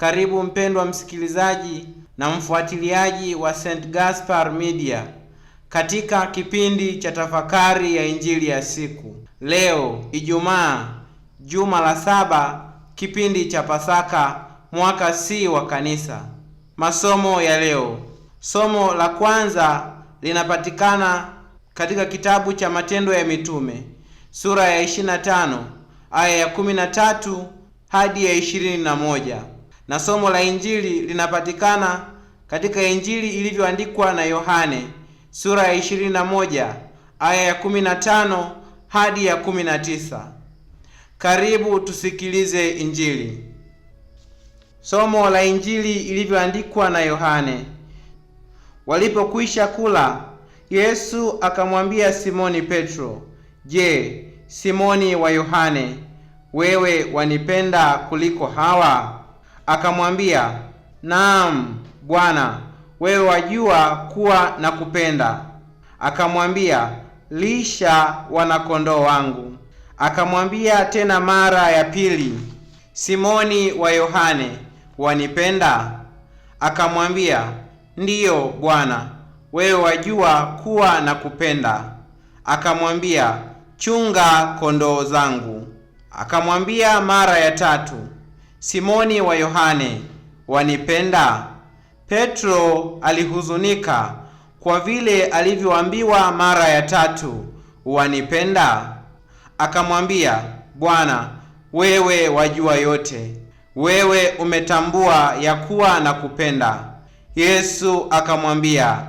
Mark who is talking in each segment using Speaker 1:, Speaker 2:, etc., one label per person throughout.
Speaker 1: Karibu mpendwa msikilizaji na mfuatiliaji wa St. Gaspar Media katika kipindi cha tafakari ya injili ya siku. Leo Ijumaa, juma la saba, kipindi cha Pasaka, mwaka C wa Kanisa. Masomo ya leo, somo la kwanza linapatikana katika kitabu cha Matendo ya Mitume sura ya 25 aya ya 13 hadi ya 21 na somo la Injili linapatikana katika Injili ilivyoandikwa na Yohane sura ya 21 aya ya 15 hadi ya 19. Karibu tusikilize Injili. Somo la Injili ilivyoandikwa na Yohane. Walipokwisha kula, Yesu akamwambia Simoni Petro, "Je, Simoni wa Yohane, wewe wanipenda kuliko hawa? Akamwambia, naam Bwana, wewe wajua kuwa na kupenda Akamwambia, lisha wanakondoo wangu. Akamwambia tena mara ya pili, Simoni wa Yohane, wanipenda? Akamwambia, ndiyo Bwana, wewe wajua kuwa na kupenda Akamwambia, chunga kondoo zangu. Akamwambia mara ya tatu Simoni wa Yohane, wanipenda? Petro alihuzunika kwa vile alivyoambiwa mara ya tatu, wanipenda? Akamwambia, Bwana, wewe wajua yote, wewe umetambua ya kuwa na kupenda. Yesu akamwambia,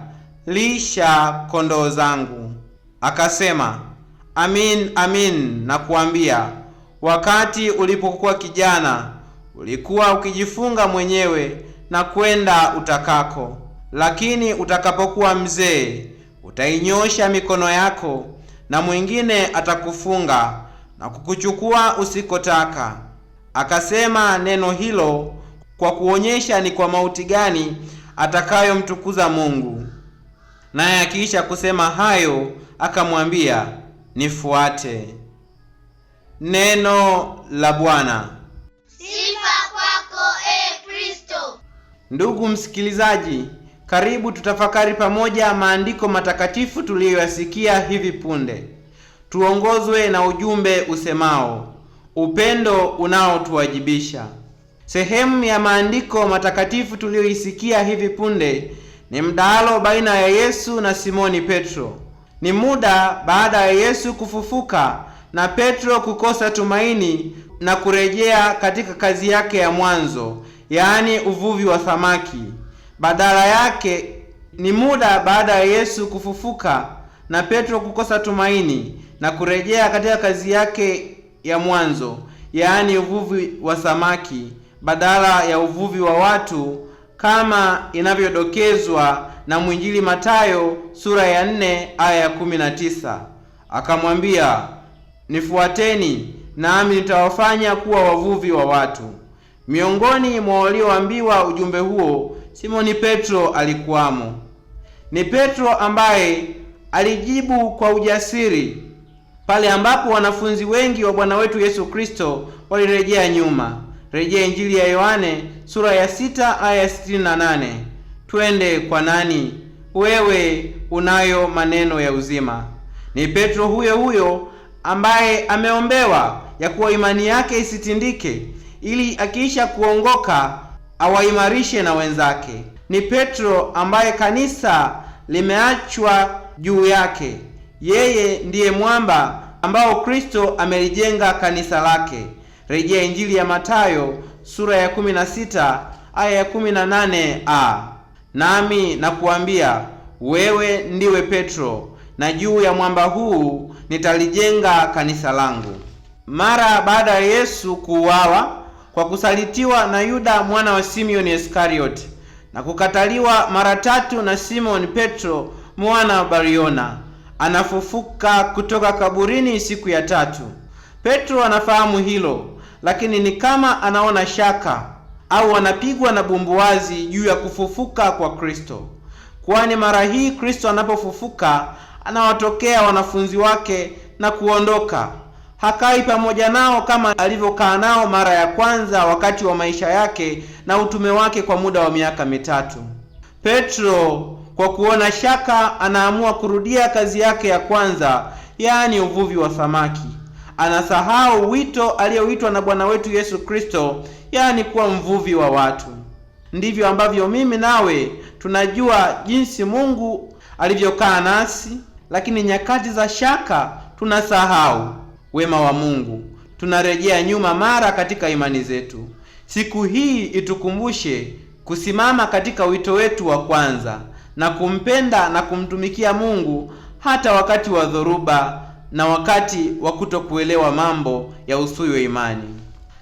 Speaker 1: lisha kondoo zangu. Akasema, amin amin nakuambia, wakati ulipokuwa kijana ulikuwa ukijifunga mwenyewe na kwenda utakako, lakini utakapokuwa mzee utainyosha mikono yako, na mwingine atakufunga na kukuchukua usikotaka. Akasema neno hilo kwa kuonyesha ni kwa mauti gani atakayomtukuza Mungu. Naye akiisha kusema hayo, akamwambia nifuate. Neno la Bwana.
Speaker 2: Ndugu msikilizaji, karibu tutafakari pamoja maandiko matakatifu tuliyoyasikia hivi punde, tuongozwe na ujumbe usemao upendo unaotuwajibisha. Sehemu ya maandiko matakatifu tuliyoisikia hivi punde ni mdahalo baina ya Yesu na Simoni Petro. Ni muda baada ya Yesu kufufuka na Petro kukosa tumaini na kurejea katika kazi yake ya mwanzo yaani uvuvi wa samaki. Badala yake ni muda baada ya Yesu kufufuka na Petro kukosa tumaini na kurejea katika kazi yake ya mwanzo, yaani uvuvi wa samaki badala ya uvuvi wa watu kama inavyodokezwa na mwinjili Matayo sura ya nne aya ya tisa. Akamwambia, nifuateni nami nitawafanya kuwa wavuvi wa watu. Miongoni mwa walioambiwa ujumbe huo Simoni Petro alikuwamo. Ni Petro ambaye alijibu kwa ujasiri pale ambapo wanafunzi wengi wa Bwana wetu Yesu Kristo walirejea nyuma. Rejea Injili ya Yohane sura ya sita aya ya sitini na nane. Twende kwa nani? Wewe unayo maneno ya uzima. Ni Petro huyo huyo ambaye ameombewa ya kuwa imani yake isitindike, ili akiisha kuongoka awaimarishe na wenzake. Ni Petro ambaye kanisa limeachwa juu yake. Yeye ndiye mwamba ambao Kristo amelijenga kanisa lake. Rejea Injili ya Mathayo sura ya 16 aya ya 18a. Nami nakuambia wewe ndiwe Petro, na juu ya mwamba huu nitalijenga kanisa langu. Mara baada ya Yesu kuuawa kwa kusalitiwa na Yuda mwana wa Simioni Iskarioti na kukataliwa mara tatu na Simon Petro mwana wa Bariona, anafufuka kutoka kaburini siku ya tatu. Petro anafahamu hilo, lakini ni kama anaona shaka au anapigwa na bumbuazi juu ya kufufuka kwa Kristo, kwani mara hii Kristo anapofufuka anawatokea wanafunzi wake na kuondoka hakai pamoja nao kama alivyokaa nao mara ya kwanza wakati wa maisha yake na utume wake kwa muda wa miaka mitatu. Petro kwa kuona shaka anaamua kurudia kazi yake ya kwanza, yaani uvuvi wa samaki. Anasahau wito aliyoitwa na Bwana wetu Yesu Kristo, yaani kuwa mvuvi wa watu. Ndivyo ambavyo mimi nawe tunajua jinsi Mungu alivyokaa nasi, lakini nyakati za shaka tunasahau wema wa Mungu, tunarejea nyuma mara katika imani zetu. Siku hii itukumbushe kusimama katika wito wetu wa kwanza na kumpenda na kumtumikia Mungu hata wakati wa dhoruba na wakati wa kutokuelewa mambo ya usuyo imani.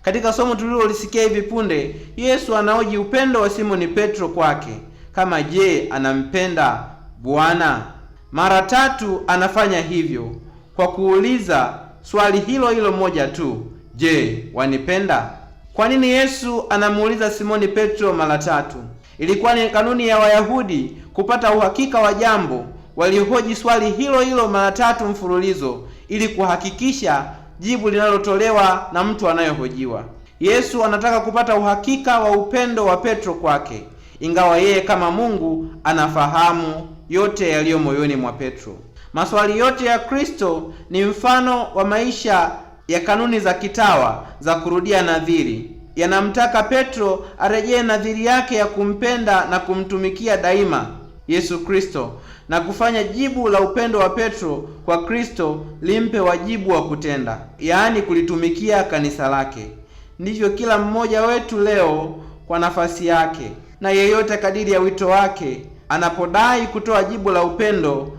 Speaker 2: Katika somo tulilolisikia hivi punde, Yesu anaoji upendo wa Simoni Petro kwake kama je, anampenda Bwana? Mara tatu anafanya hivyo kwa kuuliza swali hilo hilo moja tu, je, wanipenda? Kwa nini Yesu anamuuliza Simoni Petro mara tatu? Ilikuwa ni kanuni ya Wayahudi kupata uhakika wa jambo. Walihoji swali hilo hilo mara tatu mfululizo ili kuhakikisha jibu linalotolewa na mtu anayehojiwa. Yesu anataka kupata uhakika wa upendo wa Petro kwake, ingawa yeye kama Mungu anafahamu yote yaliyo moyoni mwa Petro. Maswali yote ya Kristo ni mfano wa maisha ya kanuni za kitawa za kurudia nadhiri. Yanamtaka Petro arejee nadhiri yake ya kumpenda na kumtumikia daima Yesu Kristo na kufanya jibu la upendo wa Petro kwa Kristo limpe wajibu wa kutenda, yaani kulitumikia kanisa lake. Ndivyo kila mmoja wetu leo kwa nafasi yake na yeyote kadiri ya wito wake anapodai kutoa jibu la upendo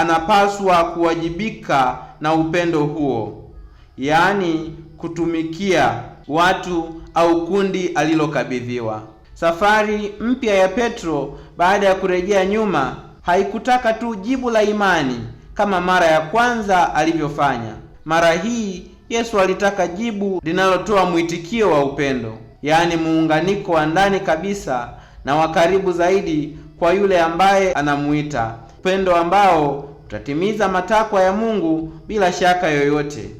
Speaker 2: anapaswa kuwajibika na upendo huo, yaani kutumikia watu au kundi alilokabidhiwa. Safari mpya ya Petro baada ya kurejea nyuma haikutaka tu jibu la imani kama mara ya kwanza alivyofanya. Mara hii Yesu alitaka jibu linalotoa mwitikio wa upendo, yaani muunganiko wa ndani kabisa na wa karibu zaidi kwa yule ambaye anamuita, upendo ambao tutatimiza matakwa ya Mungu bila shaka yoyote.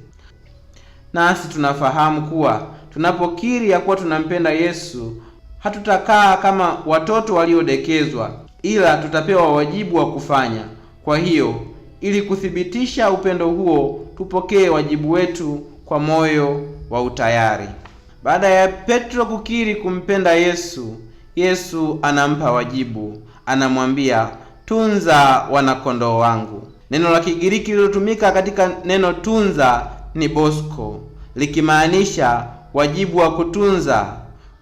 Speaker 2: Nasi tunafahamu kuwa tunapokiri ya kuwa tunampenda Yesu, hatutakaa kama watoto waliodekezwa, ila tutapewa wajibu wa kufanya. Kwa hiyo, ili kuthibitisha upendo huo, tupokee wajibu wetu kwa moyo wa utayari. Baada ya Petro kukiri kumpenda Yesu, Yesu anampa wajibu, anamwambia tunza wanakondoo wangu. Neno la Kigiriki lililotumika katika neno tunza ni bosko, likimaanisha wajibu wa kutunza,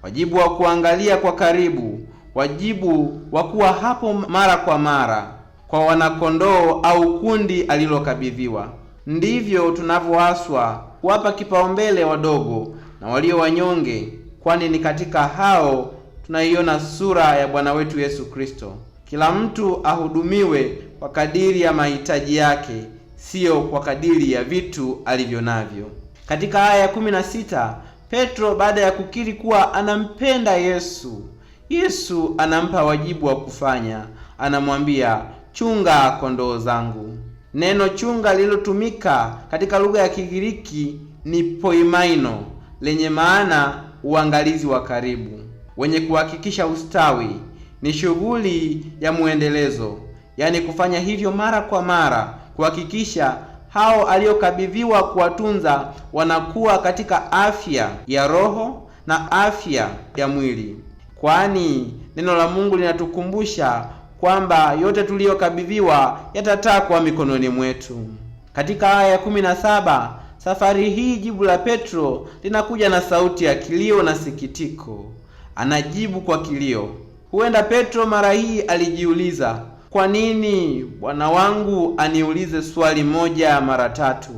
Speaker 2: wajibu wa kuangalia kwa karibu, wajibu wa kuwa hapo mara kwa mara kwa wanakondoo au kundi alilokabidhiwa. Ndivyo tunavyoaswa kuwapa kipaumbele wadogo na walio wanyonge, kwani ni katika hao tunaiona sura ya Bwana wetu Yesu Kristo. Kila mtu ahudumiwe kwa kadiri ya mahitaji yake, siyo kwa kadiri ya vitu alivyo navyo. Katika aya ya kumi na sita Petro baada ya kukiri kuwa anampenda Yesu, Yesu anampa wajibu wa kufanya, anamwambia chunga kondoo zangu. Neno chunga lililotumika katika lugha ya Kigiriki ni poimaino lenye maana uangalizi wa karibu, wenye kuhakikisha ustawi ni shughuli ya mwendelezo, yaani kufanya hivyo mara kwa mara, kuhakikisha hao aliokabidhiwa kuwatunza wanakuwa katika afya ya roho na afya ya mwili, kwani neno la Mungu linatukumbusha kwamba yote tuliyokabidhiwa yatatakwa mikononi mwetu. Katika aya ya kumi na saba safari hii jibu la Petro linakuja na sauti ya kilio na sikitiko. Anajibu kwa kilio. Huenda Petro mara hii alijiuliza, kwa nini Bwana wangu aniulize swali moja mara tatu?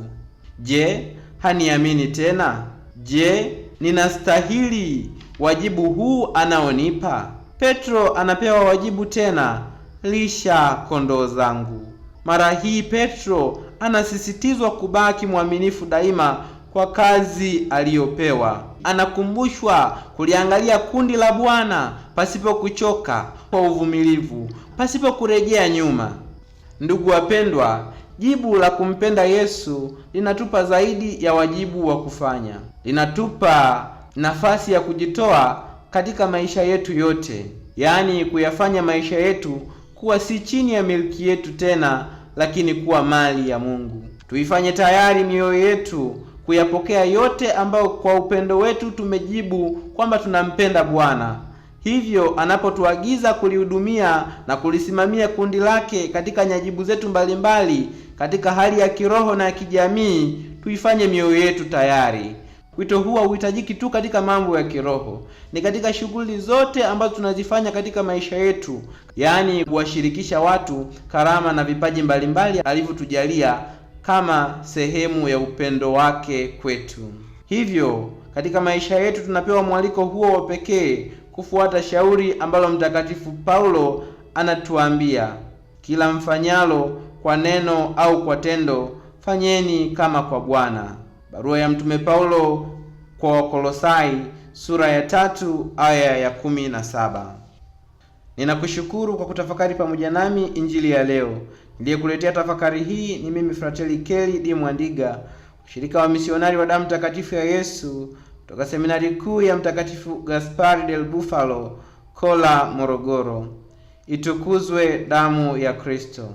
Speaker 2: Je, haniamini tena? Je, ninastahili wajibu huu anaonipa? Petro anapewa wajibu tena, lisha kondoo zangu. Mara hii Petro anasisitizwa kubaki mwaminifu daima kwa kazi aliyopewa anakumbushwa kuliangalia kundi la Bwana pasipo kuchoka, kwa uvumilivu, pasipo kurejea nyuma. Ndugu wapendwa, jibu la kumpenda Yesu linatupa zaidi ya wajibu wa kufanya, linatupa nafasi ya kujitoa katika maisha yetu yote, yaani kuyafanya maisha yetu kuwa si chini ya miliki yetu tena, lakini kuwa mali ya Mungu. Tuifanye tayari mioyo yetu kuyapokea yote ambayo kwa upendo wetu tumejibu kwamba tunampenda Bwana. Hivyo anapotuagiza kulihudumia na kulisimamia kundi lake katika nyajibu zetu mbalimbali, katika hali ya kiroho na ya kijamii, tuifanye mioyo yetu tayari. Wito huu huhitajiki tu katika mambo ya kiroho, ni katika shughuli zote ambazo tunazifanya katika maisha yetu, yaani kuwashirikisha watu karama na vipaji mbalimbali alivyotujalia kama sehemu ya upendo wake kwetu. Hivyo katika maisha yetu tunapewa mwaliko huo wa pekee kufuata shauri ambalo Mtakatifu Paulo anatuambia, kila mfanyalo kwa neno au kwa tendo, fanyeni kama kwa Bwana. Barua ya Mtume Paulo kwa Wakolosai sura ya tatu aya ya kumi na saba. Ninakushukuru kwa kutafakari pamoja nami Injili ya leo. Niliyekuletea tafakari hii ni mimi Frateli Keli D Mwandiga, mshirika wa misionari wa damu takatifu ya Yesu toka seminari kuu ya Mtakatifu Gaspari del Bufalo, Kola, Morogoro. Itukuzwe damu ya Kristo!